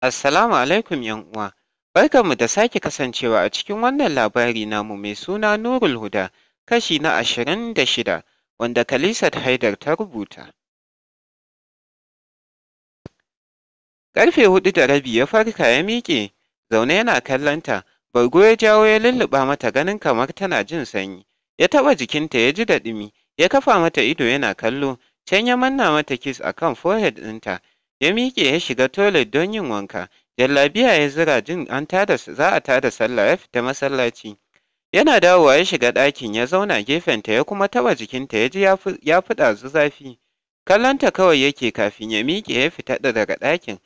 Assalamu alaikum 'yan uwa, mu da sake kasancewa a cikin wannan labari namu mai suna Nurul Huda kashi na ashirin da shida wanda Khalisat Haidar ta rubuta. Ƙarfe hudu da rabi ya farka ya miƙe, zaune yana kallonta, bargo ya jawo ya lulluɓa mata ganin kamar tana jin sanyi, ya taɓa jikinta ya ji da ya kafa mata ido yana kallo, can ya manna mata kis a kan forehead ɗinta, Ya miƙe ya shiga toilet don yin wanka, jallabiya ya zura jin an tada za a tada sallah ya fita masallaci. Yana dawowa ya shiga ɗakin ya zauna gefen ta, ya kuma taɓa jikinta ya ji ya fi ɗazu zafi. Kallonta kawai yake kafin ya miƙe ya fita daga ɗakin.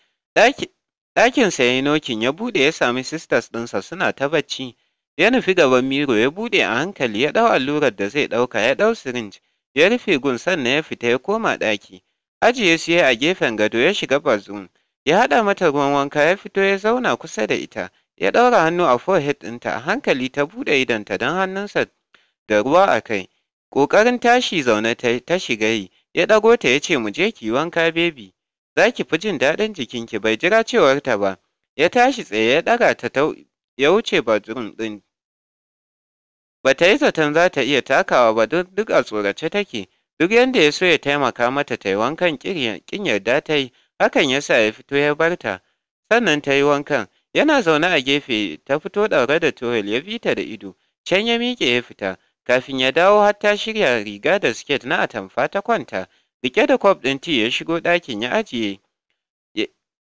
Ɗakinsa ya yi nokin ya buɗe ya sami sisters ɗinsa suna ta bacci. Ya nufi gaban miro ya buɗe a hankali ya ɗau allurar da zai ɗauka ya ɗau sirinj. Ya rufe gun sannan ya fita ya koma ɗaki. Ajiye su ya a gefen gado ya shiga bazum ya haɗa mata ruwan wanka ya fito ya zauna kusa da ita, ya ɗaura hannu a forehead ɗinta a hankali ta buɗe idonta don hannunsa da ruwa a kai. Ƙoƙarin tashi zaune ta shiga yi, ya ɗago ta ya ce mu je ki wanka baby. za ki fi jin daɗin jikinki bai jira cewar ta ba. Ya tashi tsaye ya ɗaga ta ya wuce bathroom ɗin. Ba ta yi zaton za ta iya takawa ba duk a tsorace take. Duk yadda ya so ya taimaka mata ta yi wankan ƙin yarda ta yi, hakan ya sa ya fito ya bar ta. Sannan ta yi wankan, yana zaune a gefe ta fito ɗaure da towel ya bi da ido, can ya miƙe ya fita, kafin ya dawo har ta shirya riga da siket na atamfa ta kwanta, riƙe da kwaf ɗin ti ya shigo ɗakin ya ajiye.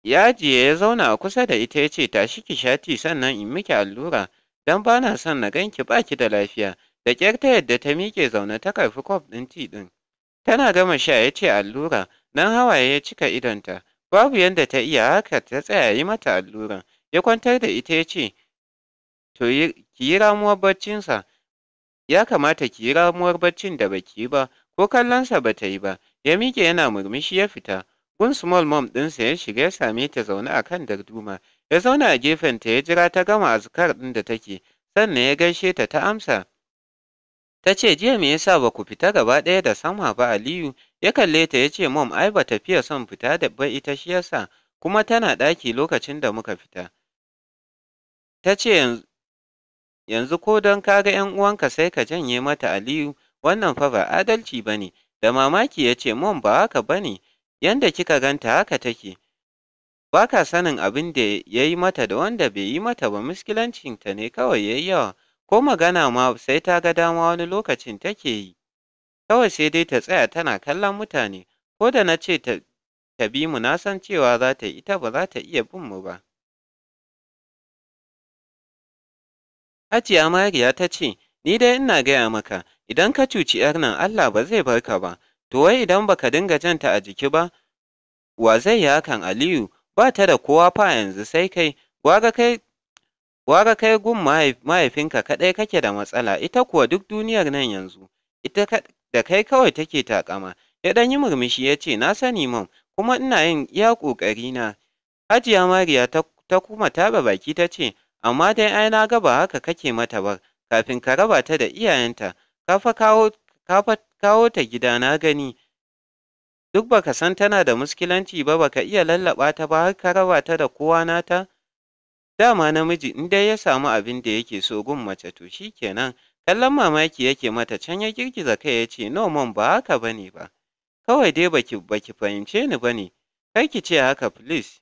Ya ajiye ya zauna a kusa da ita ya ce tashi ki shati sannan in miki allura, dan ba na son na ganki baki da lafiya, da ƙyar ta yadda ta miƙe zaune ta karfi kwaf ɗin ti ɗin. Tana gama sha ya ce allura, nan hawaye ya cika idonta, babu yadda ta iya haka ta tsaya yi mata alluran, ya kwantar da ita ya ce, To ki yi ramuwar baccinsa, ya kamata ki yi ramuwar baccin da baki yi ba, ko kallonsa ba ta yi ba, ya miƙe yana murmushi ya fita. Gun small mom ɗinsa ya shiga ya same ta zaune a kan darduma, ya zauna a gefenta ya jira ta gama azkar ɗin da take, sannan ya gaishe ta ta amsa. Ta ce jiya me yasa ba ku fita gaba ɗaya da sama ba Aliyu ya kalle ta ya ce mom ai ba ta fiye son fita da ba ita shi yasa kuma tana ɗaki lokacin da muka fita. Ta ce yanzu ko don ka ga ‘yan uwanka sai ka janye mata Aliyu wannan fa ba adalci ba ne da mamaki ya ce mom ba haka ba ne yanda kika ganta haka take. ba ka sanin abin da ya yi mata da wanda bai yi mata ba miskilancinta ne kawai ya yi yawa ko magana ma sai ta ga dama wani lokacin take yi. Kawai sai dai ta tsaya tana kallon mutane, ko da na ce ta bi mu na san cewa za ta ita ba za ta iya bin mu ba. Hajiya Mariya ta ce, Ni dai ina gaya maka, idan ka cuci ‘yar nan Allah ba zai bar ka ba, to wai idan baka dinga janta a jiki ba, wa zai yi hakan Aliyu, ba ta da kowa fa yanzu sai kai, gwaga kai Gwara kai gun mahaifinka kaɗai kake da matsala, ita kuwa duk duniyar nan yanzu, ita da kai kawai take takama. Ya ɗan yi murmushi ya ce, Na sani mam, kuma ina yin iya ƙoƙarina. Hajiya Mariya ta kuma taɓa baki ta ce, Amma dai ai na ga ba haka kake mata ba, kafin ka raba ta da iyayenta, ka fa kawo ta gida na gani. Duk baka san tana da muskilanci ba baka iya lallaɓa ta ba har ka raba ta da kowa nata. Dama namiji in dai ya samu abin da yake so gun mace to shi kenan, kallon mamaki yake mata can ya girgiza kai ya ce no mom ba haka bane ba, kawai dai baki baki fahimce ni bane ne, kai ki ce haka please.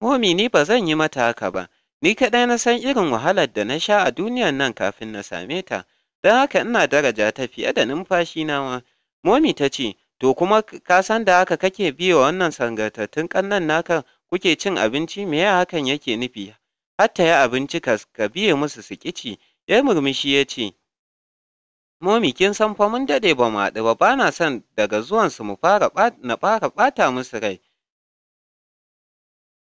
Momi ni ba zan yi mata haka ba, ni kaɗai na san irin wahalar da na sha a duniyan nan kafin na same ta, don haka ina daraja ta fiye da numfashi na ma. Momi ta ce, To kuma ka san da haka kake biye wa wannan sangatattun ƙannan naka kuke cin abinci me ya hakan yake nufi? Hatta ya abinci ka biye musu su kici ya murmushi ya ce, Momi kin san fa mun daɗe ba mu haɗu ba ba na son daga zuwan su mu fara na fara bata musu rai.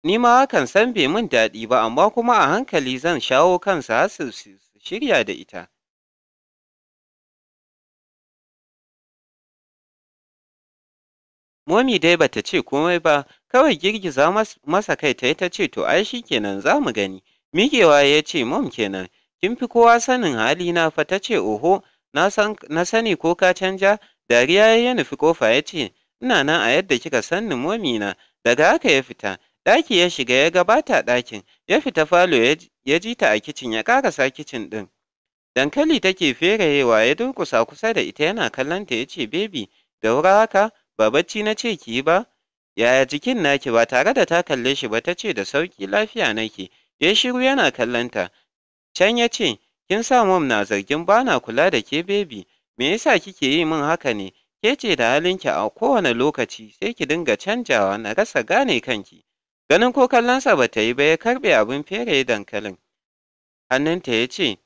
Ni ma hakan san bai mun daɗi ba amma kuma a hankali zan shawo kansa har su shirya da ita. Momi dai bata ce komai ba, kawai girgiza masa kai ta yi ce to ai shi kenan za mu gani. Miƙewa ya ce mom kenan, kin fi kowa sanin hali na fa ta ce oho, na sani ko ka canja, dariya ya nufi kofa ya ce ina nan a yadda kika sanni na daga haka ya fita. ɗaki ya shiga ya gabata ɗakin ya fita falo ya ji ta a kicin ya ƙarasa kicin ɗin dankali take ferayewa ya durƙusa kusa da ita yana kallonta ya ce bebi da wura haka ba bacci na ce ki yi ba? Yaya jikin naki ba tare da ta kalle shi ba ta ce da sauki lafiya nake, ya shiru yana kallonta. Can ya ce, kin sa mom na zargin ba na kula da ke bebi, me yasa kike yi min haka ne? Ke ce da halinki a kowane lokaci sai ki dinga canjawa na rasa gane kanki. Ganin ko kallonsa ba ta yi ba ya karɓe abin fere dankalin. Hannunta ya ce,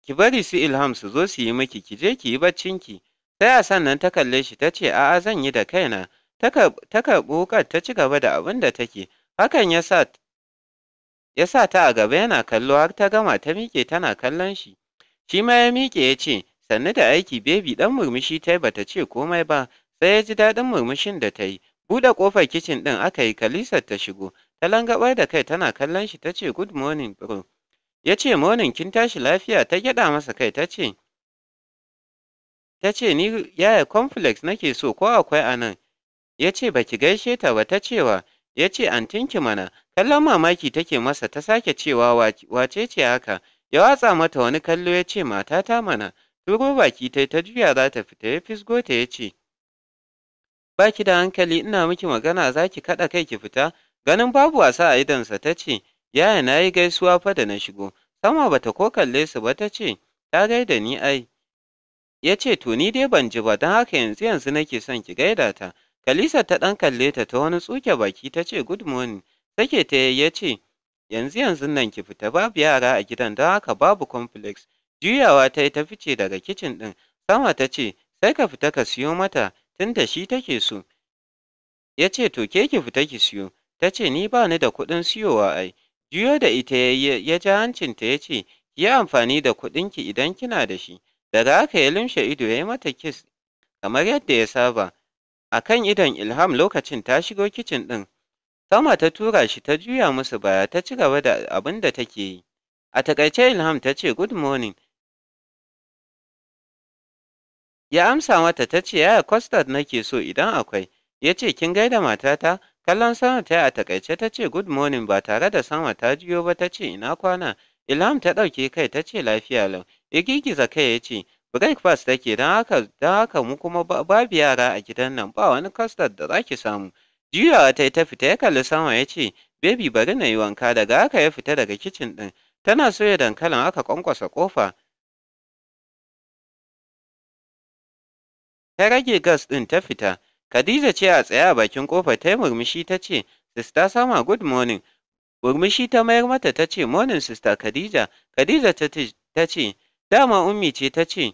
ki bari su ilham su zo su yi miki ki je ki yi baccinki Sai a sannan ta kalle shi ta ce a'a zan yi da kaina. Ta karɓi wukar ta ci gaba da abin da take. Hakan ya sa ta a gaba yana kallo har ta gama ta miƙe tana kallon shi. Shi ma ya miƙe ya ce, sannu da aiki bebi ɗan murmushi ta yi bata ce komai ba, sai ya ji daɗin murmushin da ta yi. Buɗe ƙofar kicin ɗin aka yi kalisar ta shigo, ta langabar da kai tana kallon shi ta ce good morning bro. Ya ce morning kin tashi lafiya ta gyaɗa masa kai ta ce Ta ce ni yaya complex nake so ko akwai a nan? Ya ce ba ki gaishe ta ba ta cewa, ya ce antinki mana, kallon mamaki take masa ta sake cewa wace ce haka, ya watsa mata wani kallo ya ce matata mana, turo baki ta ta juya za ta fita ya fisgo ta ya ce, ba da hankali ina miki magana za ki kaɗa kai ki fita, ganin babu wasa a idonsa ta ce, yaya na yi gaisuwa fa da na shigo, sama bata ko kalle su ba ta ce, ta gaida ni ai. Ya ce, to ni dai ban ji ba, don haka yanzu-yanzu nake son ki gaida ta. Kalisa ta ɗan kalle ta ta wani tsuke baki ta ce, good morning. Sake ta ya ce, yanzu-yanzu nan ki fita babu yara a gidan don haka babu complex. Juyawa ta yi ta fice daga kicin ɗin. Sama ta ce, sai ka fita ka siyo mata tun da shi take so. Ya ce, to ke ki fita ki siyo. Ta ce, ni ba ni da kuɗin siyowa ai. Juyo da ita ya ja hancinta ya ce, yi amfani da kuɗinki idan kina da shi. daga haka ya limshe ido ya yi mata kis kamar yadda ya saba a kan idon ilham lokacin ta shigo kicin ɗin sama ta tura shi ta juya musu baya ta ci gaba da abin da take yi a takaice ilham ta ce good morning ya amsa mata ta ce yaya custard nake so idan akwai ya ce kin gaida matata kallon sama ta yi a takaice ta ce good morning ba tare da sama ta juyo ba ta ce ina kwana ilham ta ɗauke kai ta ce lafiya lau ya girgiza kai ya ce breakfast take don haka don haka mu kuma babu yara a gidan nan ba wani custard da za ki samu juyawa ta yi ta fita ya kalli sama ya ce baby bari na yi wanka daga haka ya fita daga kicin ɗin tana soya dankalin aka kwankwasa kofa ta rage gas ɗin ta fita khadija ce a tsaye a bakin kofa ta yi murmushi ta ce sista sama good morning murmushi ta mayar mata ta ce morning sista khadija khadija ta ce dama Ummi ce ta ce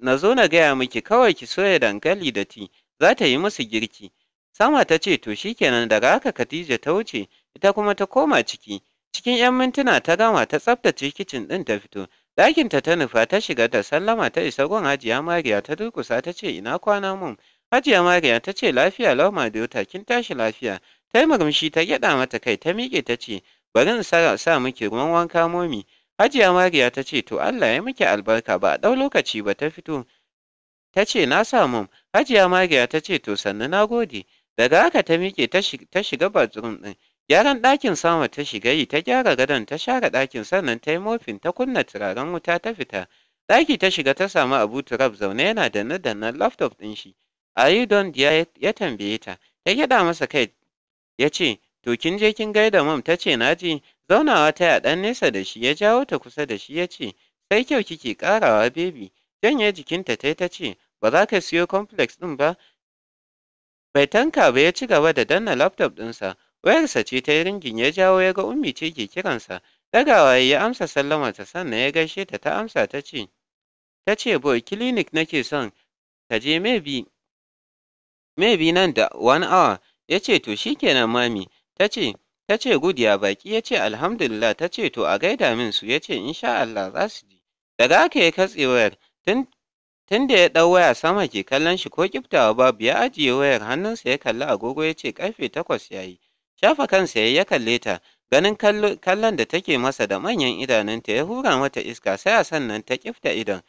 na zo na gaya miki kawai ki soya dankali da ti, za ta yi musu girki. Sama ta ce to shi kenan daga haka Khadija ta wuce, ita kuma ta koma ciki. Cikin 'yan mintuna ta gama ta tsaftace kicin ɗin ta fito. Ɗakinta ta nufa ta shiga ta sallama ta isa gun Hajiya Mariya ta durkusa ta ce ina kwana mun Hajiya Mariya ta ce lafiya lau ta, kin tashi lafiya. Ta yi murmushi ta gyaɗa mata kai ta miƙe ta ce bari in sa miki ruwan wanka momi hajiya mariya ta ce to allah ya miki albarka ba a ɗau lokaci ba ta fito ta ce na samu hajiya mariya ta ce to sannu na gode daga haka ta miƙe ta shiga bathroom ɗin gyaran ɗakin sama ta shiga yi ta gyara gadon ta share ɗakin sannan ta yi mofin ta kunna turaren wuta ta fita ɗaki ta shiga ta samu abu turab zaune yana da danne laptop ɗin shi ayi don ya tambaye ta ta gyaɗa masa kai ya ce To kin je kin gaida mam ta ce na ji zaunawa ta ya ɗan nesa da shi ya jawo ta kusa da shi ya ce sai kyau kike ƙarawa bebi janye jikinta ta ta ce ba za ka siyo complex ɗin ba bai tanka ba ya ci gaba da danna laptop ɗinsa wayarsa ce ta yi ringin ya jawo ya ga ummi ce ke kiransa ɗagawa ya amsa ta sannan ya gaishe ta ta amsa ta ce ta ce boy clinic nake son ka je maybe maybe nan da one hour ya ce to shikenan mami Ta ce, ta ce Gudiya. Baki ya ce alhamdulillah ta ce to a gaida min su ya ce insha Allah za su ji. Daga aka ya katse wayar tun da ya ɗau waya sama ke kallon shi ko kiftawa babu ya ajiye wayar hannunsa ya kalli agogo ya ce karfe takwas ya yi. Shafa kansa ya kalle ta ganin kallon da take masa da manyan idanunta ya hura mata iska sai a sannan ta kifta idan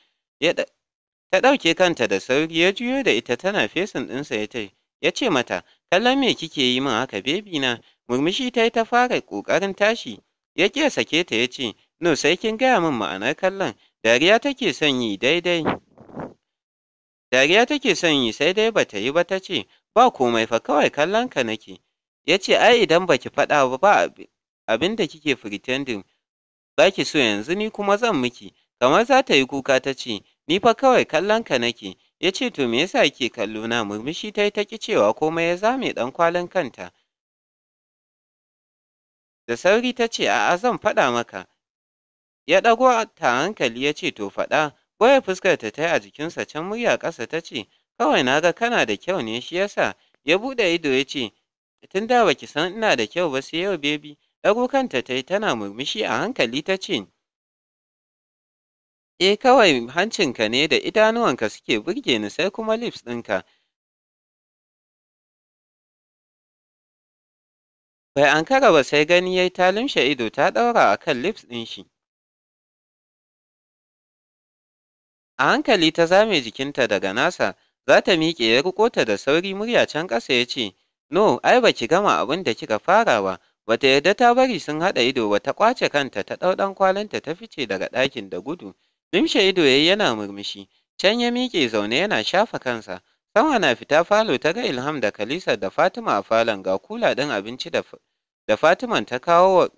ta ɗauke kanta da sauri ya juyo da ita tana fesin ɗinsa ya ce mata kallon me kike yi min haka bebi na Murmushi ta yi ta fara ƙoƙarin tashi, ya ƙi ya sake ta ya ce, No sai kin gaya min ma'anar kallon, dariya take son yi daidai. Dariya take son yi sai dai ba ta yi ba ta ce, Ba komai fa kawai kallon ka nake. Ya ce, Ai idan ba ki faɗa ba ba abin da kike pretending ba ki so yanzu ni kuma zan miki. Kamar za ta yi kuka ta ce, Ni fa kawai kallon ka nake. Ya ce, To me yasa ke kallo na murmushi ta yi ta ƙi cewa komai ya zame ɗan kwalin kanta. Da sauri ta ce, a'a zan faɗa maka. Ya ɗago ta hankali ya ce, to faɗa, waya fuskar ta yi a jikinsa can murya ƙasa ta ce, kawai na ga kana da kyau ne shi yasa. Ya buɗe ido ya ce, tun da baki san ina da kyau ba sai yau bebi. Ɗago kanta ta yi tana murmushi a hankali ta ce, e kawai hancinka ne da idanuwanka suke burge ni sai kuma lips ɗinka. Bai ankara ba sai gani ya yi ta limshe ido ta ɗaura a kan lips ɗin shi. A hankali ta zame jikinta daga nasa, za ta miƙe ya riƙo ta da sauri murya can ƙasa ya ce, No, ai ba ki gama abin da kika fara ba, ba ta yarda ta bari sun haɗa ido ba ta ƙwace kanta ta ɗau ɗan kwalinta ta fice daga ɗakin da gudu. Limshe ido ya yana murmushi, can ya miƙe zaune yana shafa kansa, sama na fita falo ta ga Ilham da Kalisa da Fatima a falon ga kula ɗin abinci da Fatiman ta kawo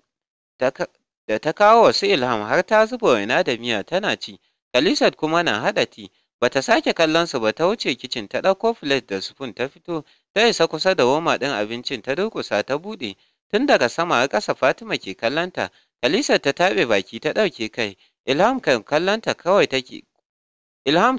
da ta kawo wa su Ilham har ta zuba waina da miya tana ci, Khalisat kuma na haɗa ti, ba ta sake kallon su ba ta wuce kicin ta ɗauko filet da sufun ta fito, ta isa kusa da woma ɗin abincin ta durƙusa ta buɗe, tun daga sama a ƙasa Fatima ke kallonta, Khalisat ta taɓe baki ta ɗauke kai, Ilham kan kallonta kawai take. Ilham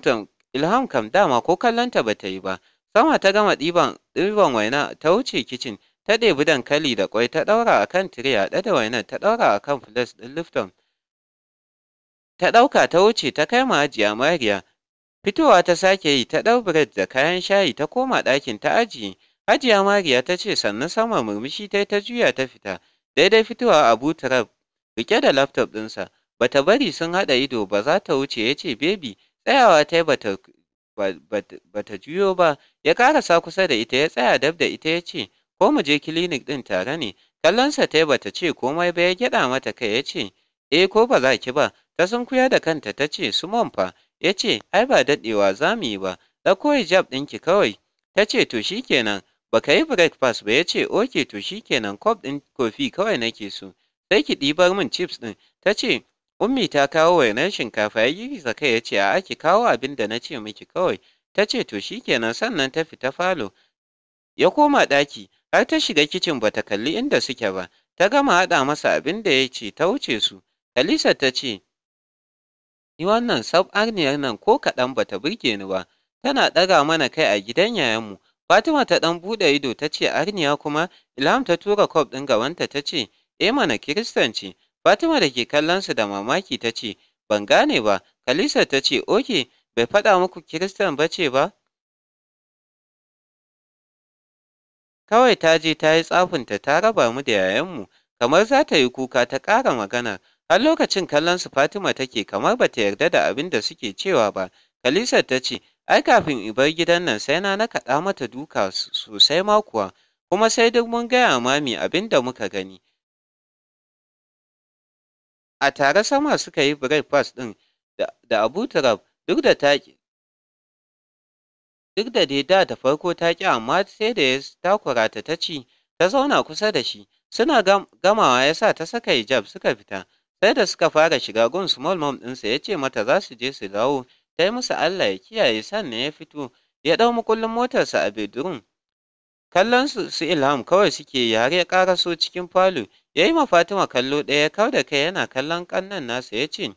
Ilham kam dama ko kallon ta bata yi ba, sama ta gama ɗiban waina ta wuce kicin ta ɗebi dankali da ƙwai ta ɗaura a kan tire da ta ɗaura a kan flas ɗin lifton. Ta ɗauka ta wuce ta kai ma ajiya Mariya. Fitowa ta sake yi ta ɗau bired da kayan shayi ta koma ɗakin ta ajiye. ajiya Mariya ta ce sannan sama murmushi ta ta juya ta fita. Daidai fitowa a Turab Rike da laptop ɗinsa. Bata bari sun haɗa ido ba za ta wuce ya ce bebi Tsayawa ta yi ba ta juyo ba, ya ƙarasa kusa da ita ya tsaya dab da ita ya ce, ko mu je kilinik ɗin tare ne. Kallonsa ta yi ba ta ce komai ba ya gyaɗa mata kai ya ce, eh ko ba za ki ba, ta sun sunkuya da kanta ta ce su fa, ya ce, ai ba daɗewa za mu yi ba, ɗauko hijab ɗinki kawai. Ta ce to shi kenan, ba ka yi breakfast ba ya ce oke to shi kenan kof ɗin kofi kawai nake so, sai ki ɗibar min chips ɗin. Ta ce Ummi ta kawo wainar shinkafa ya girgiza kai ya ce a ki kawo abin da na ce miki kawai, ta ce to shi kenan sannan ta fita falo. Ya koma ɗaki har ta shiga kicin bata kalli inda suke ba, ta gama haɗa masa abin da ya ce ta wuce su. Kalisa ta ce, Ni wannan arniyar nan ko kaɗan bata burge ni ba, tana ɗaga mana kai a gidan yayanmu. Fatima ta ɗan buɗe ido ta ce arniya kuma Ilham ta tura kwaf ɗin gabanta ta ce, E mana Kiristanci. Fatima da ke kallonsu da mamaki ta ce, Ban gane ba, Kalisa ta ce, Oke, bai faɗa muku Kiristan ba ce ba? Kawai ta je ta yi tsafinta ta raba mu da yayanmu, kamar za ta yi kuka ta ƙara magana, har lokacin kallonsu Fatima take kamar ba ta yarda da abin da suke cewa ba. Kalisa ta ce, Ai, kafin in bar gidan nan sai na nakaɗa mata duka sosai ma kuwa, kuma sai duk mun gaya mami abin da muka gani. A tare sama suka yi breakfast ɗin da Abu Turab duk da ta Duk da dai da ta farko ta ƙi amma sai da ya takura ta ta ci ta zauna kusa da shi suna gamawa ya sa ta saka hijab suka fita sai da suka fara shiga gun small mom ɗinsa ya ce mata za su je su dawo ta yi musu Allah ya kiyaye sannan ya fito ya ɗau mukullin motarsa a bedroom kallon su ilham kawai suke yare ya ƙaraso cikin falo Ya yi ma Fatima kallo ɗaya kau da kai yana kallon ƙannen nasa ya ce,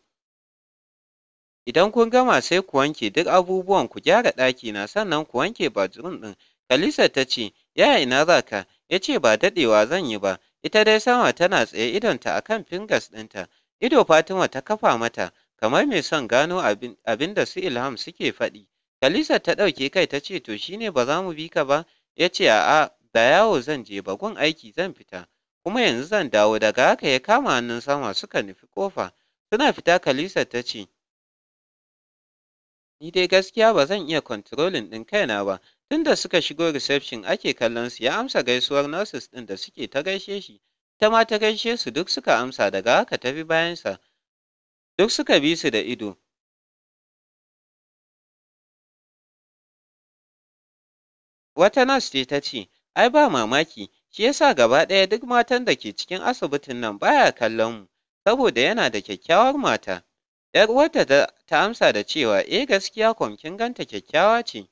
Idan kun gama sai ku wanke duk abubuwan ku gyara ɗaki na sannan ku wanke bathroom ɗin. Kalisa ta ce, Yaya ina za ka? Ya ce ba daɗewa zan yi ba. Ita dai sama tana tsaye idonta a kan Fingas ɗinta. Ido Fatima ta kafa mata kamar mai son gano abin da su Ilham suke faɗi. Kalisa ta ɗauke kai ta ce to shine ba za mu bi ka ba? Ya ce a'a da yawo zan je bagun aiki zan fita. kuma yanzu zan dawo. Daga haka ya kama hannun sama suka nufi ƙofa. Suna fita kalisar ta ce, Ni dai gaskiya ba zan iya kontrolin ɗin kaina ba, tunda suka shigo reception ake kallon su ya amsa gaisuwar nurses ɗin da suke ta gaishe shi, ita ma ta gaishe su duk suka amsa daga haka ta bi bayansa, duk suka bi su da ido. Wata nurse ce ta ce, Ai ba mamaki, Shi ya gaba ɗaya duk matan da ke cikin asibitin nan ba ya kallon mu saboda yana da kyakkyawar mata. ‘Yar uwarta ta amsa da cewa eh gaskiya kwam kin ganta kyakkyawa ce.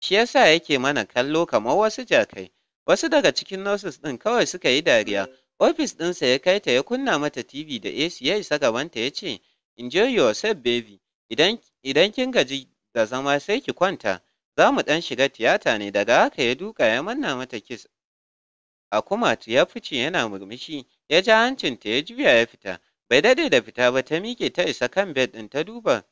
Shi ya yake mana kallo kamar wasu jakai. Wasu daga cikin nurses ɗin kawai suka yi dariya. Ofis ɗinsa ya kai ta ya kunna mata TV da AC ya isa gabanta ya ce, Enjoy yourself baby, idan kin gaji da zama sai ki kwanta. za mu ɗan shiga tiyata ne daga haka ya duka ya manna mata kis a tu, ya fice yana murmushi ya ja hancinta ya juya ya fita bai daɗe da fita ba ta miƙe ta isa kan bed ɗin ta duba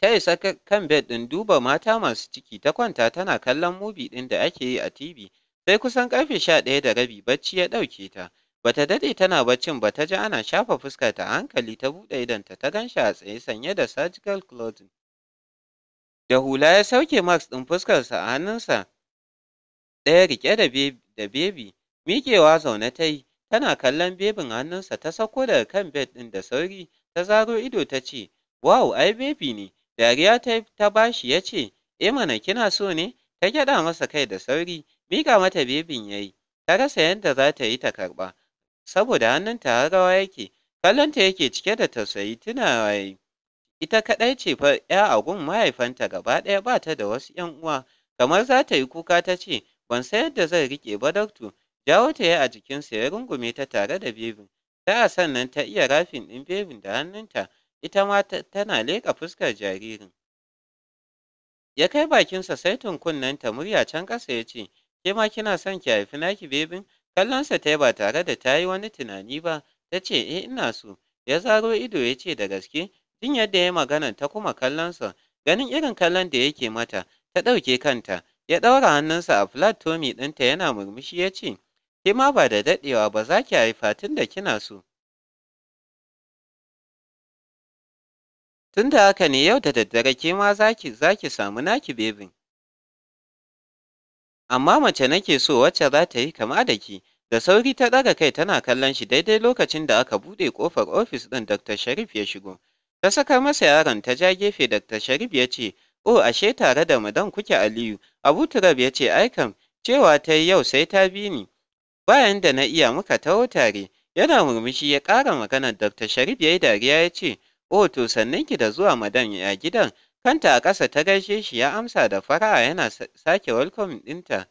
ta isa kan bed ɗin duba mata masu ciki ta kwanta tana kallon mubi ɗin da ake yi a tv sai kusan ƙarfe sha ɗaya da rabi bacci ya ɗauke ta bata daɗe tana baccin ba ta ji ana shafa fuska ta hankali ta buɗe idonta ta ganshi a tsaye sanye da surgical clothing Da hula ya sauke mask ɗin fuskarsa a hannunsa ɗaya riƙe da bebi, miƙewa zaune ta yi, tana kallon bebin hannunsa ta sauko daga kan bed ɗin da sauri, ta zaro ido ta ce, Wow, ai bebi ne, dariya ta, ta bashi ya ce, E mana kina so ne? Ta gyaɗa masa kai da sauri, miƙa mata bebin ya yi, ta rasa yadda za ta yi ta karɓa, saboda hannunta har rawa yake, kallonta yake cike da tausayi tunawa ya yi. Ita kaɗai ce fa 'ya a gun mahaifanta gaba ɗaya ba ta da wasu 'yan uwa, kamar za ta yi kuka ta ce, ban san yadda zan riƙe ba Dakto, jawo ta yi a jikinsa ya rungume ta tare da bebin, ta a sannan ta iya rafin ɗin bebin da hannunta, ita ma tana leƙa fuskar jaririn. Ya kai bakinsa sai ta murya can ƙasa ya ce, ke ma kina son ki haifi naki bebin? Kallonsa ta yi ba tare da ta yi wani tunani ba, ta ce, eh ina so, ya zaro ido ya ce da gaske, Jin yadda ya magana ta kuma kallonsa, ganin irin kallon da yake mata, ta ɗauke kanta, ya ɗaura hannunsa a flat tummy ɗinta yana murmushi ya ce, Ke ma ba da daɗewa ba za ki haifa tun da kina so. Tun da haka ne yau da daddare ke ma za ki samu naki bebin. Amma mace nake so wacce za ta yi kama da ki, da sauri ta ɗaga kai tana kallon shi daidai lokacin da aka buɗe ƙofar ofis ɗin Dr. Sharif ya shigo. Ta saka masa yaron ta ja gefe Dr. Sharif ya ce, "O, oh, ashe tare da madam kuke Aliyu." Abu Turab ya ce, "Ai kam, cewa ta yi yau sai ta bi ni." Bayan da na iya muka taho tare, yana murmushi ya ƙara maganar Dr. Sharif ya yi dariya ya ce, "O, oh, to sannan ki da zuwa madan ya gidan." Kanta a ƙasa ta gaishe shi ya amsa da fara'a yana sake welcome ɗinta.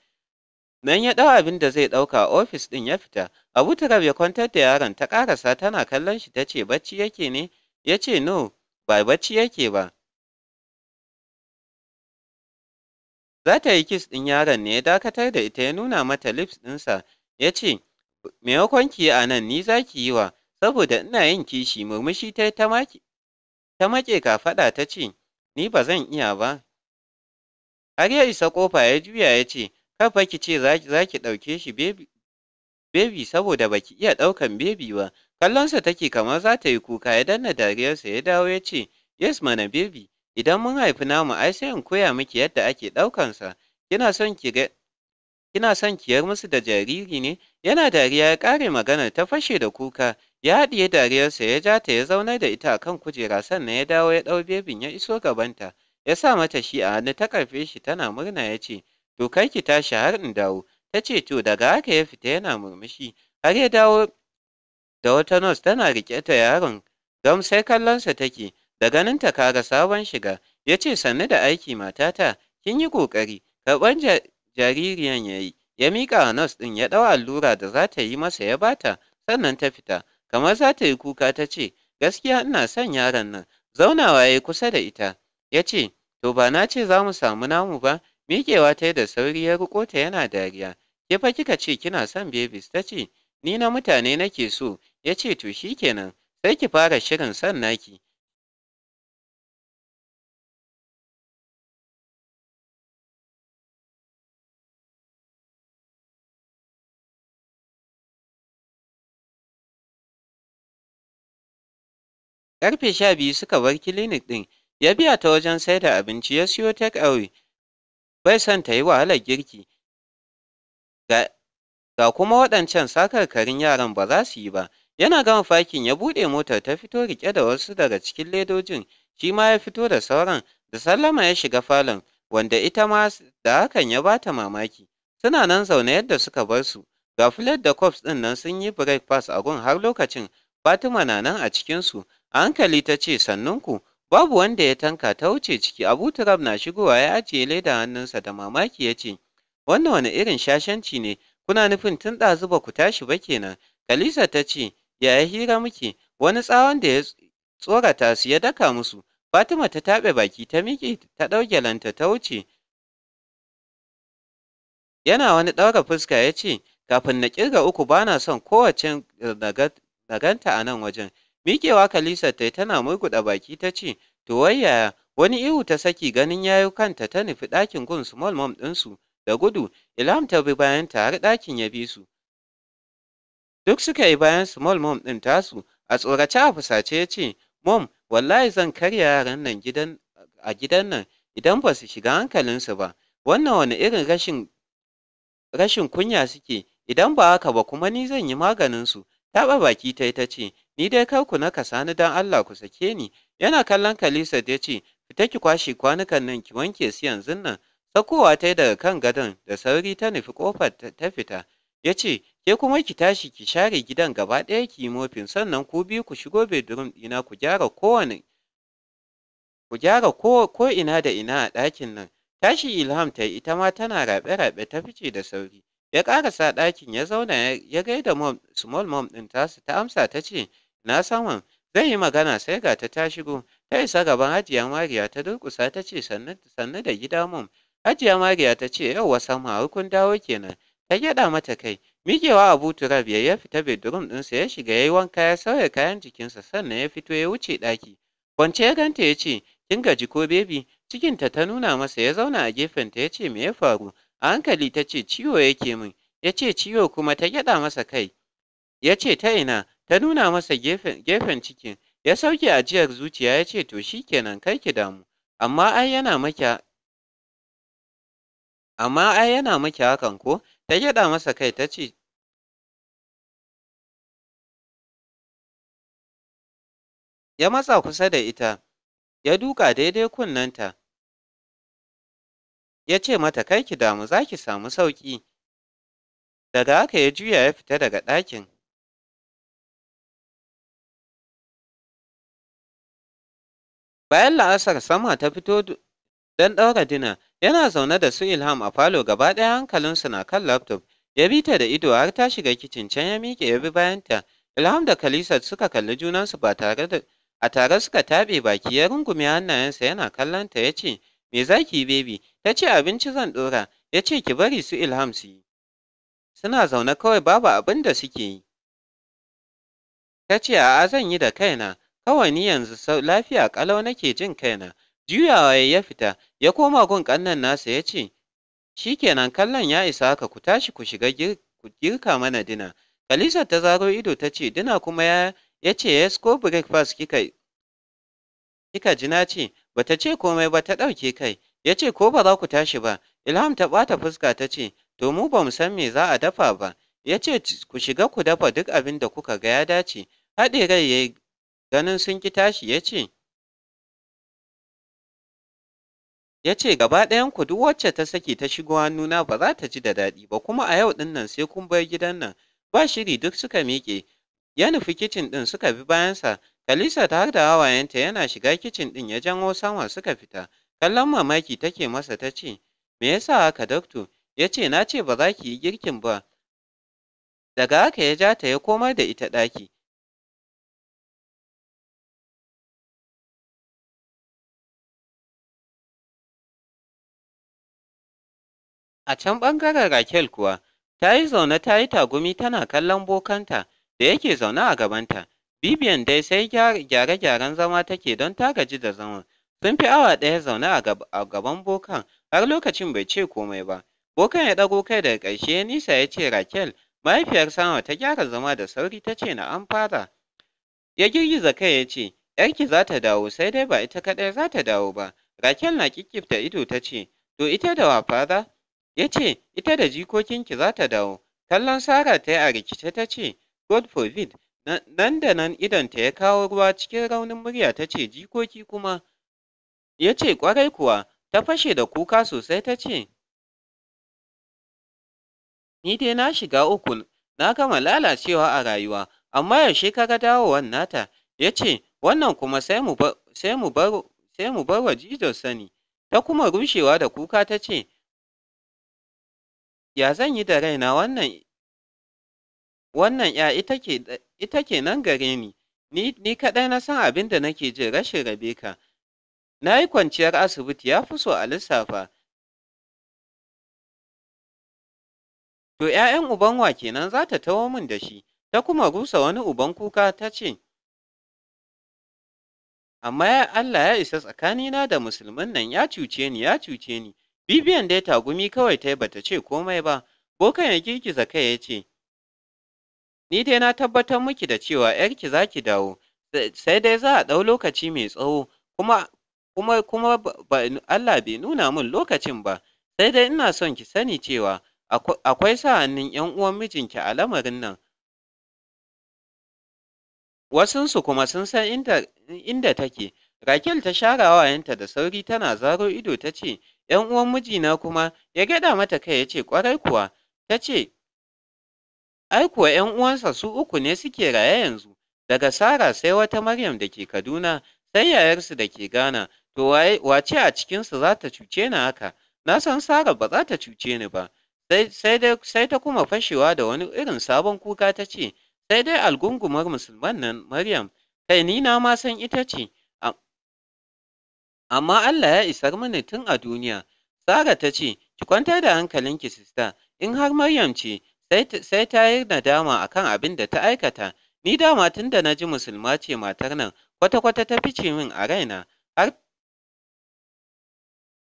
Nan ya ɗau abin da zai ɗauka a ofis ɗin ya fita, Abu Turab ya kwantar da yaron ta ƙarasa tana kallon shi ta ce bacci yake ne, Ya ce no, ba bacci yake ba. Za ta yi kis ɗin yaron ne ya dakatar da ita ya nuna mata lips ɗinsa ya ce, maimakon ki a nan ni za ki yi wa, saboda ina yin kishi murmushi ta ta maƙe kafaɗa ta ce, ni ba zan iya ba. Har ya isa ƙofa ya juya ya ce, kar fa ki ce za ki ɗauke shi bebi saboda baki iya ɗaukan bebi ba Kallonsa take kamar za ta yi kuka ya danna dariyarsa ya dawo ya ce, Yes mana bibi." idan mun haifi namu ai sai in koya miki yadda ake ɗaukansa, kina son ki ga kina son kiyar musu da jariri ne yana dariya ya ƙare maganar ta fashe da kuka ya haɗiye dariyarsa ya ja ta ya zaunar da ita a kan kujera sannan ya dawo ya ɗau bebin ya iso gabanta ya sa mata shi a hannu ta ƙarfe shi tana murna ya ce to kai ki tashi har in dawo ta ce to daga haka ya fita yana murmushi har ya dawo da wata nos tana rike ta yaron gam sai kallonsa take da ganinta kaga sabon shiga ya ce sannu da aiki matata kin yi ƙoƙari karɓar jaririyan ya ya miƙa wa nos ɗin ya ɗau allura da za ta yi masa ya bata sannan ta fita kamar za ta yi kuka ta ce gaskiya ina son yaron nan zaunawa ya yi kusa da ita ya ce to ba na ce za mu samu namu ba miƙewa ta yi da sauri ya riƙo ta yana dariya ke fa kika ce kina son babies ta ce Ni na mutane nake so, ya ce to shi kenan, sai ki fara shirin son naki. Karfe sha biyu suka bar kilinik ɗin, ya biya ta wajen sai da abinci ya siyo take away, bai son ta yi wahalar girki. ga kuma waɗancan sakarkarin yaran ba za su yi ba yana gama fakin ya buɗe motar ta fito riƙe da wasu daga cikin ledojin shi ma ya fito da sauran da sallama ya shiga falon wanda ita ma da hakan ya ba ta mamaki suna nan zaune yadda suka bar su ga filet da cops ɗin nan sun yi breakfast a gun har lokacin fatima na nan a cikinsu a hankali ta ce sannunku babu wanda ya tanka ta wuce ciki abu turab na shigowa ya ajiye leda hannunsa da mamaki ya ce wannan wani irin shashanci ne kuna nufin tun ɗazu ba ku tashi ba kenan kalisa ta ce yaya hira muke wani tsawon da ya tsorata su ya daka musu fatima ta taɓe baki ta miƙe ta ɗauke lanta ta wuce yana wani ɗaura fuska ya ce kafin na ƙirga uku ba na son kowace naganta a nan wajen miƙewa kalisa ta yi tana murguɗa baki ta ce to wai yaya wani ihu ta saki ganin yayo kanta ta nufi ɗakin gun small mom ɗinsu Da gudu, Ilham ta bi bayan ta har ɗakin ya bi su. Duk suka yi bayan small mom ɗin tasu, a tsorace a fusace ya ce, Mom, wallahi zan karya yaran nan a gidan nan idan ba su shiga hankalinsu ba. Wannan wani irin rashin kunya suke, idan ba haka ba kuma ni zan yi maganinsu. Taɓa baki ta yi ta ce, Ni dai kar ku naka sani don Allah ku sake ni. Yana kallon da ya ce, Fita ki kwashe kwanukan nan ki wanke su yanzu nan. kowa ta yi daga kan gadon da sauri ta nufi ƙofar ta fita. Ya ce, Ke kuma ki tashi ki share gidan gaba ɗaya ki yi mofin sannan ku biyu ku shigo bedroom ɗina ku gyara kowane ku gyara ko ina da ina a ɗakin nan. Tashi Ilham ta yi ita ma tana raɓe-raɓe ta fice da sauri. Ya ƙarasa ɗakin ya zauna ya gaida mom small mom ɗin tasu ta amsa ta ce, Na saman zai yi magana sai ga ta ta shigo. Ta isa gaban Hajiya Mariya ta durƙusa ta ce, Sannu da gida mom. Hajiya Mariya ta ce, yawwa Sama'u kun dawo kenan, ta gyaɗa mata kai, Mikewa Abu Turab ya fita bedroom ɗinsa ya shiga ya yi wanka ya sauya kayan jikinsa sannan ya fito ya wuce ɗaki. Kwance ya ganta ya ce, kin gaji ko bebi, cikinta ta nuna masa ya zauna a gefenta ya ce me ya faru, a hankali ta ce ciwo yake min, ya ce ciwo kuma ta gyaɗa masa kai, ya ce ta ina, ta nuna masa gefen cikin, ya sauke ajiyar zuciya ya ce to shi kenan kai ki damu, amma ai yana maka Amma ai yana miki hakan ko? Ta gyaɗa masa kai ta ce, ya matsa kusa da ita, ya duka daidai kunnenta, ya ce mata kai ki damu za ki samu sauƙi. Daga haka ya juya ya fita daga ɗakin. Bayan la'asar sama ta fito don ɗaura dina, Yana zaune da su Ilham a falo gaba ɗaya hankalinsu na kan laptop. Ya bi ta da ido har ta shiga kicin can ya miƙe ya bi bayanta. Ilham da khalisa suka kalli junansu ba tare da a tare suka taɓe baki ya rungume hannayensa yana kallonta ya ce me za ki bebi ta ce abinci zan ɗora ya ce ki bari su Ilham su yi. Suna zaune kawai babu abin da suke yi. Ta ce a'a zan yi da kaina kawai ni yanzu lafiya ƙalau nake jin kaina. Juyawa ya fita, ya koma gun kannan nasa ya ce, Shi kenan kallon ya isa haka ku tashi ku shiga girka mana dina. Kalisa ta zaro ido ta ce, Dina kuma ya, ya ce, Yes ko breakfast kika kika ji na ce, ba ta ce komai ba ta ɗauke kai, ya ce, Ko ba za ku tashi ba. Ilham ta ɓata fuska ta ce, To mu ba san me za a dafa ba. Ya ce, Ku shiga ku dafa duk abin da kuka ga ya dace. Haɗe rai ya ganin sun ki tashi ya ce, Ya ce gaba ku duk wacce ta saki ta shigo hannuna ba za ta ji da daɗi ba kuma a yau ɗin nan sai kun bar gidan nan. Ba shiri duk suka miƙe. Ya nufi kicin ɗin suka bi bayansa. Kalisa ta har da hawayenta yana shiga kicin ɗin ya janwo sama suka fita. Kallon mamaki take masa ta ce, Me yasa haka dakto? Ya ce, Na ce ba za ki yi girkin ba. Daga haka ya ja ta ya komar da ita ɗaki. A can ɓangaren Rakel kuwa, ta yi zaune ta yi tagumi tana kallon bokanta da yake zaune a gabanta. Bibiyan dai sai gyare-gyaren zama take don ta gaji da zama, Sun fi awa ɗaya zaune a gaban bokan har lokacin bai ce komai ba. Bokan ya ɗago kai daga ƙarshe nisa ya ce Rakel mahaifiyar Sama ta gyara zama da sauri ta ce na an fara. Ya girgiza kai ya ce ‘yarki za ta dawo sai dai ba ita kaɗai za ta dawo ba. Rakel na ƙiƙifta ido ta ce to ita da wa fara? Ya ce ita da jikokinki za ta dawo. Kallon Sarah ta yi a rikice ta ce, God forbid, nan da nan idonta ya kawo ruwa cikin raunin murya ta ce jikoki kuma. Ya ce ƙwarai kuwa, ta fashe da kuka sosai ta ce, Ni dai na shiga uku, na gama lalacewa a rayuwa, amma yaushe ka ga dawowar nata, ya ce, Wannan kuma sai mu bar wa Jesus sani, ta kuma rushewa da kuka ta ce, Ya zan yi da raina wannan wannan ‘ya ita ke nan gare ni, ni kaɗai na san abin da nake jin rashin Rabeka. Na yi kwanciyar asibiti ya fi so a lissafa. To ‘ya'yan uban wa kenan za ta tawo min da shi, ta kuma rusa wani uban kuka ta ce, Amma Allah ya isa tsakanina da musulmin nan ya cuce ni, ya cuce ni, Bibiyan dai tagumi kawai ta yi ba ce komai ba, bokan ya girgiza kai ya ce, Ni dai na tabbatar miki da cewa ‘yarki za ki dawo, sai dai za a ɗau lokaci mai tsawo, kuma kuma kuma Allah bai nuna min lokacin ba, sai dai ina son ki sani cewa akwai sa'annin ‘yan uwan mijinki a lamarin nan. Wasunsu kuma sun san inda, inda take, Rakel ta share wayanta da sauri tana zaro ido ta ce, Ɗan uwan mijina kuma ya gyaɗa mata kai ya ce ƙwarai kuwa, ta ce ai kuwa 'yan uwansa su uku ne suke raye yanzu, daga Sara sai wata Maryam da ke Kaduna sai yayarsu da ke Ghana, to wace a cikinsu za ta cuce ni haka? Na san Sara ba za ta cuce ni ba. Sai ta kuma fashewa da wani irin sabon kuka ta ce, sai dai algungumar musulman nan Maryam, kai ni na ma san ita ce, Amma Allah ya isar mini tun a duniya. Sara ta ce, ki kwantar da hankalinki sista, in har Maryam ce, sai ta yi nadama a kan abin da ta aikata. Ni dama tun da na ji musulma ce matar nan, kwata-kwata ta fice min a raina,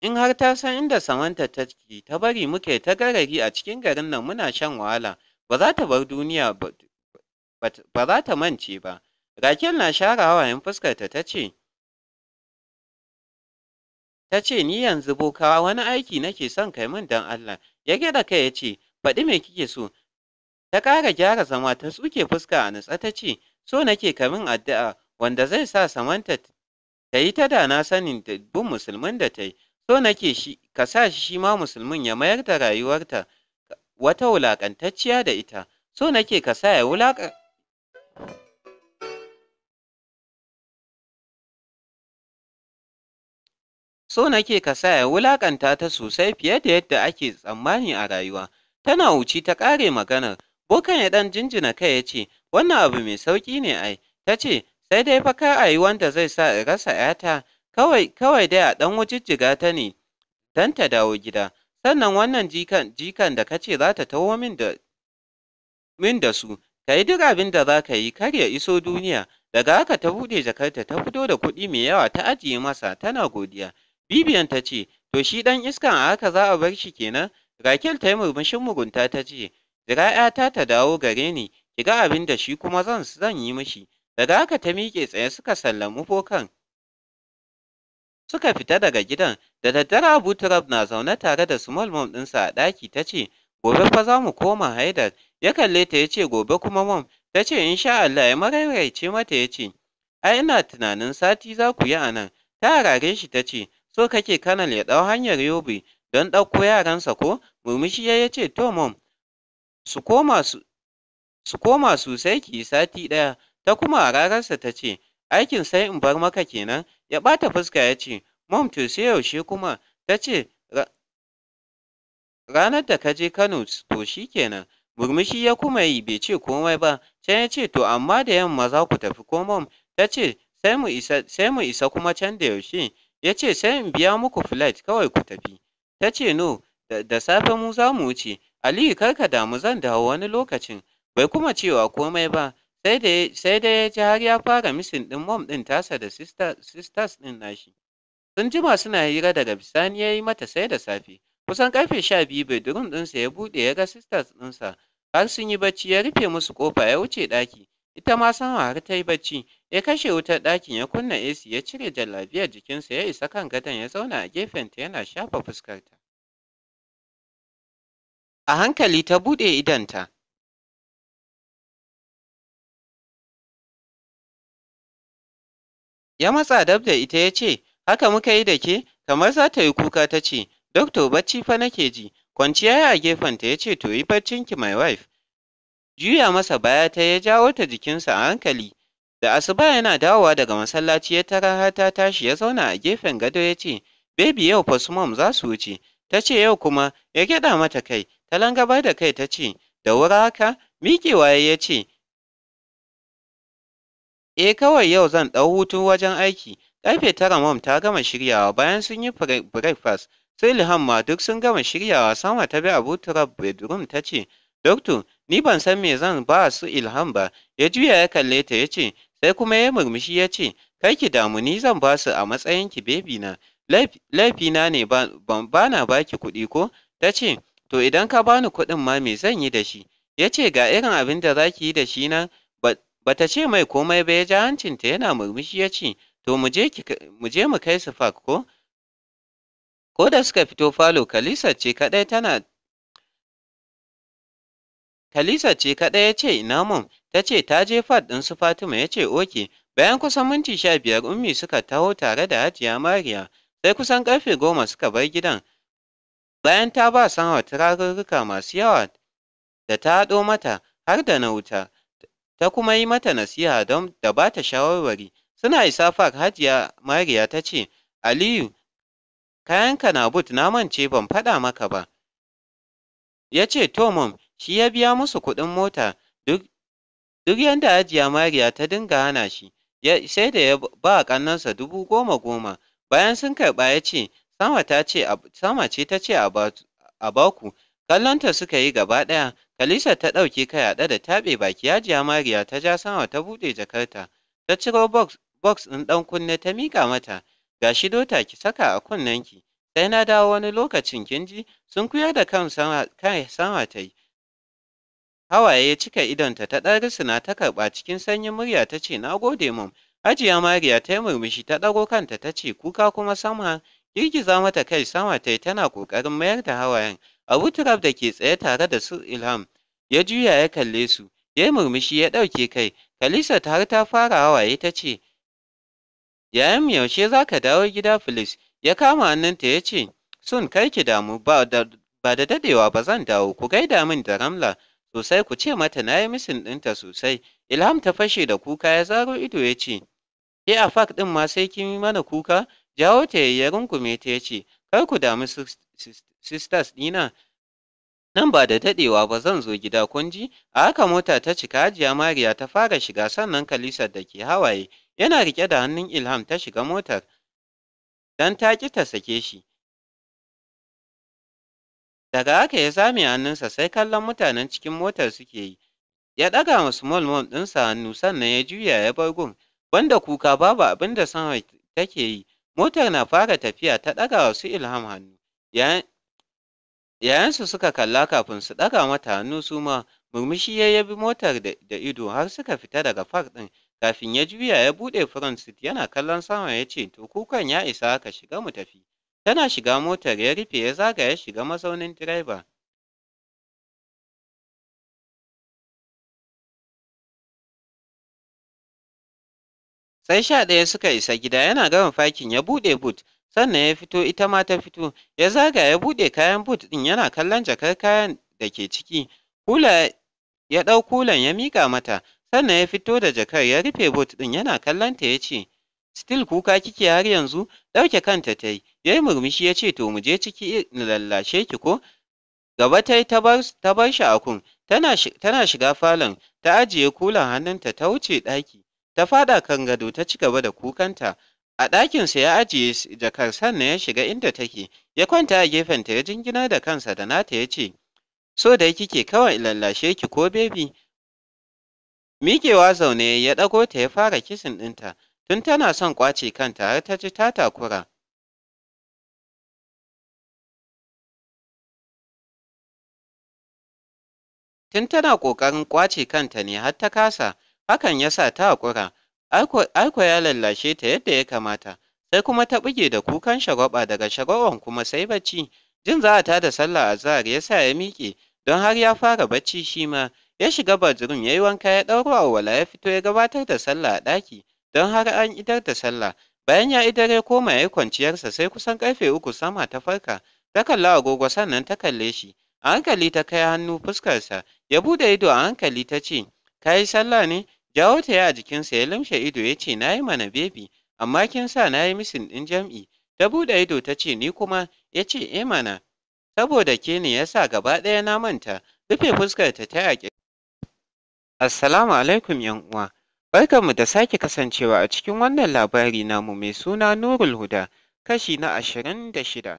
in har ta san inda samanta ta ta bari muke ta garari a cikin garin nan muna shan wahala, ba za ta bar duniya ba za ta mance ba. Rakel na share hawayen fuskarta ta ce, Ta ce ni yanzu boka wani aiki nake son kai min don Allah. Ya gyaɗa kai ya ce faɗi me kike so. Ta ƙara gyara zama ta tsuke fuska a nutsa ta ce so nake min addu'a wanda zai sa samanta ta yi ta da na sanin bin musulmin da ta yi. So nake shi ka sa shi ma musulmin ya mayar da rayuwarta wata wulaƙantacciya da ita. So nake ka sa ya wulaƙa so nake ka sa ya wulakanta ta sosai fiye da yadda ake tsammani a rayuwa. Tana wuci ta ƙare maganar, bokan ya ɗan jinjina kai ya ce, wannan abu mai sauƙi ne ai, ta ce, sai dai fa ka a yi wanda zai sa in rasa ‘yata, kawai, kawai dai a ɗan wujijjiga ta ne don ta dawo gida. Sannan wannan jikan, jikan da ka ce za ta taho min da, min da su, ka yi duk abin da za ka yi kar ya iso duniya. Daga haka ta buɗe jakarta ta fito da kuɗi mai yawa ta ajiye masa tana godiya. Bibiyan ta ce, To shi ɗan iskan a haka za a bar shi kenan? Rakel ta yi murmushin mugunta ta ce, Jira ‘yata ta dawo gare ni, ki ga abin da shi kuma zan zan yi mishi. Daga haka ta miƙe tsaye suka sallami bokan. Suka fita daga gidan, da daddare Abu na zaune tare da small mom ɗinsa a ɗaki ta ce, Gobe fa za mu koma Haidar. Ya kalle ta ya ce, Gobe kuma mom, ta ce, sha Allah ya marairaice mata ya ce, Ai ina tunanin sati za ku yi a nan. Ta harare shi ta ce, so kake kanal ya ɗau hanyar yobe don ɗauko yaransa ko murmushi ya ce to mom su koma su su koma sosai ki sati ɗaya ta kuma a rararsa ta ce aikin sai in bar maka kenan ya ɓata fuska ya ce mom to sai yaushe kuma ta ce ranar da kaje kano to shi kenan murmushi ya kuma yi bai ce komai ba can ya ce to amma da yamma za ku tafi ko mom ta ce sai mu isa kuma can da yaushe Ya ce sai in biya muku flight kawai ku tafi, ta ce no, da safe mu za wuce, Aliyu kar ka damu zan dawo wani lokacin, bai kuma cewa komai ba, sai dai ya ji har ya fara misin ɗin mom ɗin tasa da sisters ɗin nashi. Sun jima suna hira daga bisani ya yi mata sai da safe, kusan karfe sha biyu bai durum ɗinsa ya buɗe ya ga sisters ɗinsa, har sun yi bacci ya rufe musu kofa ya wuce ɗaki, ita ma sama har ta yi bacci, Ya kashe wutar ɗakin ya kunna AC ya cire jallabiyar jikinsa ya isa kan gadon ya zauna a gefenta yana shafa fuskarta. A hankali ta buɗe idonta. Ya matsa dab da ita ya ce, Haka muka yi da ke, kamar za ta yi kuka ta ce, Dokto bacci fa nake ji, kwanciya a gefenta ya ce, To yi ki my wife. Juya masa baya ta ya jawo ta jikinsa a hankali, Da asuba yana dawowa daga masallaci ya tara ta tashi ya zauna a gefen gado ya ce, Baby yau fa su mom za su wuce. Ta ce yau kuma ya gyaɗa mata kai, ta langabar da kai ta ce, Da wuri haka, miƙewa ya ce, E kawai yau zan ɗau hutu wajen aiki, ƙarfe tara mom ta gama shiryawa bayan sun yi breakfast, sai ilham ma duk sun gama shiryawa sama ta bi a turab bedroom ta ce, Dokto, ni ban san me zan ba su Ilham ba, ya juya ya kalle ta ya ce, sai kuma ya murmushi ya ce, Kai ki damu ni zan ba su a matsayin ki bebina, laifina ne ba na ba ki kuɗi ko? Ta ce, To idan ka bani kuɗin ma me zan yi da shi? Ya ce ga irin abin da za ki yi da shi na,'' ba ta ce mai komai ba ya ji hancinta yana murmushi ya ce, To mu je mu kai su fak ko? Ko da suka fito falo, Kalisa ce kaɗai tana ya ce ina mun.' ta ce ta je fat ɗin su Fatima ya ce oke bayan kusan minti sha biyar ummi suka taho tare da hajiya Mariya sai kusan karfe goma suka bar gidan bayan ta ba sanwa turarurruka masu yawa da ta haɗo mata har da na wuta ta kuma yi mata nasiha don da ba ta shawarwari suna isa fak hajiya Mariya ta ce Aliyu kayanka na but na mance ban faɗa maka ba ya ce to shi ya biya musu kuɗin mota duk Duk yadda ajiya Mariya ta dinga hana shi, sai da ya ba ƙannensa dubu goma-goma, bayan sun karɓa ya ce, Sama ce ta ce a baku, kallonta suka yi gaba ɗaya, Kalisa ta ɗauki kai haɗe da taɓe baki ajiya Mariya ta ja sama ta buɗe jakarta, ta ciro box ɗin ɗan kunne ta miƙa mata, ga shi dota ki saka a kunnenki, sai na dawo wani lokacin kin ji, sun kuyar da kan sama ta yi. Hawaye ya cika idonta ta ɗari suna ta karɓa cikin sanyin murya ta ce na gode mun Hajiya Mariya ta yi murmushi ta ɗago kanta ta ce kuka kuma sama girgiza mata kai sama ta yi tana ƙoƙarin mayar da hawayen. Abu Turab da ke tsaye tare da su Ilham ya juya ya kalle su ya yi murmushi ya ɗauke kai. Kalisa ta har ta fara hawaye ta ce yayan yaushe za ka dawo gida Filis ya kama hannunta ya ce sun kai ki damu ba da daɗewa ba zan dawo ku gaida min da Ramla. sosai ku ce mata na yi misin ɗinta sosai ilham ta fashe da kuka ya zaro ido ya ce ke a fak ɗin ma sai kin yi mana kuka jawo ta ya rungume ta ya ce kar ku damu sisters ɗina nan ba da daɗewa ba zan zo gida kun ji a haka mota ta cika hajiya mariya ta fara shiga sannan kalisar da ke hawaye yana riƙe da hannun ilham ta shiga motar don ta ƙi ta sake shi Daga haka ya zame hannunsa sai kallon mutanen cikin motar suke yi. Ya ɗaga ma small mom ɗinsa hannu sannan ya juya ya bar gum. Wanda kuka babu abin da Sanwa take yi. Motar na fara tafiya ta ɗaga wa su Ilham hannu. Yayansu suka kalla kafin su ɗaga mata hannu su ma murmushi ya yabi motar da ido har suka fita daga park ɗin kafin ya juya ya buɗe front seat yana kallon sama ya ce to kukan ya isa ka shiga mu tafi. Tana shiga motar ya rufe ya zaga ya shiga mazaunin direba. Sai sha ɗaya suka isa gida yana gama fakin ya buɗe but sannan ya fito ita ma ta fito ya zaga ya buɗe kayan but ɗin yana kallon jakar kayan da ke ciki. Kula ya ɗau kulan ya miƙa mata sannan ya fito da jakar ya rufe but ɗin yana kallon ta ya ce Still kuka kike har yanzu? Ɗauke kanta ta yi, ya murmushi ya ce to mu je ciki na lallashe ki ko? Gaba ta yi ta bar shi a kun, tana shiga falon ta ajiye kulan hannunta ta wuce ɗaki, ta faɗa kan gado ta ci gaba da kukanta. A ɗakinsa ya ajiye jakar sannan ya shiga inda take, ya kwanta a gefenta ya jingina da kansa da nata ya ce, So dai kike kawai lallashe ki ko bebi? Miƙewa zaune ya ɗago ta ya fara kisin ɗinta. Tun tana son ƙwace kanta har ta ji ta takura. Tun tana ƙoƙarin ƙwace kanta ne har ta kasa, hakan ya sa ta haƙura. Aiko ya lallashe ta yadda ya kamata, sai kuma ta buge da kukan shagwaba daga shagwaban kuma sai bacci. Jin za a da sallah a zahar ya sa ya miƙe, don har ya fara bacci shi ma. Ya shiga bajirin, ya yi wanka ya ɗauro a wala ya fito ya gabatar da sallah a ɗaki. don har an idar da sallah bayan ya idar ya koma ya yi kwanciyarsa sai kusan karfe uku sama ta farka ta kalla agogo sannan ta kalle shi a hankali ta kai hannu fuskarsa ya bude ido a hankali ta ce ka yi sallah ne jawo ta ya a jikinsa ya lamshe ido ya ce na yi mana bebi amma kin sa na yi misin ɗin jam'i ta bude ido ta ce ni kuma ya ce e mana saboda ke ne ya sa gaba ɗaya na manta rufe fuskarta ta yaƙi assalamu alaikum yan uwa Barkanmu da sake kasancewa a cikin wannan labari namu mai suna Nurul Huda, kashi na ashirin da shida.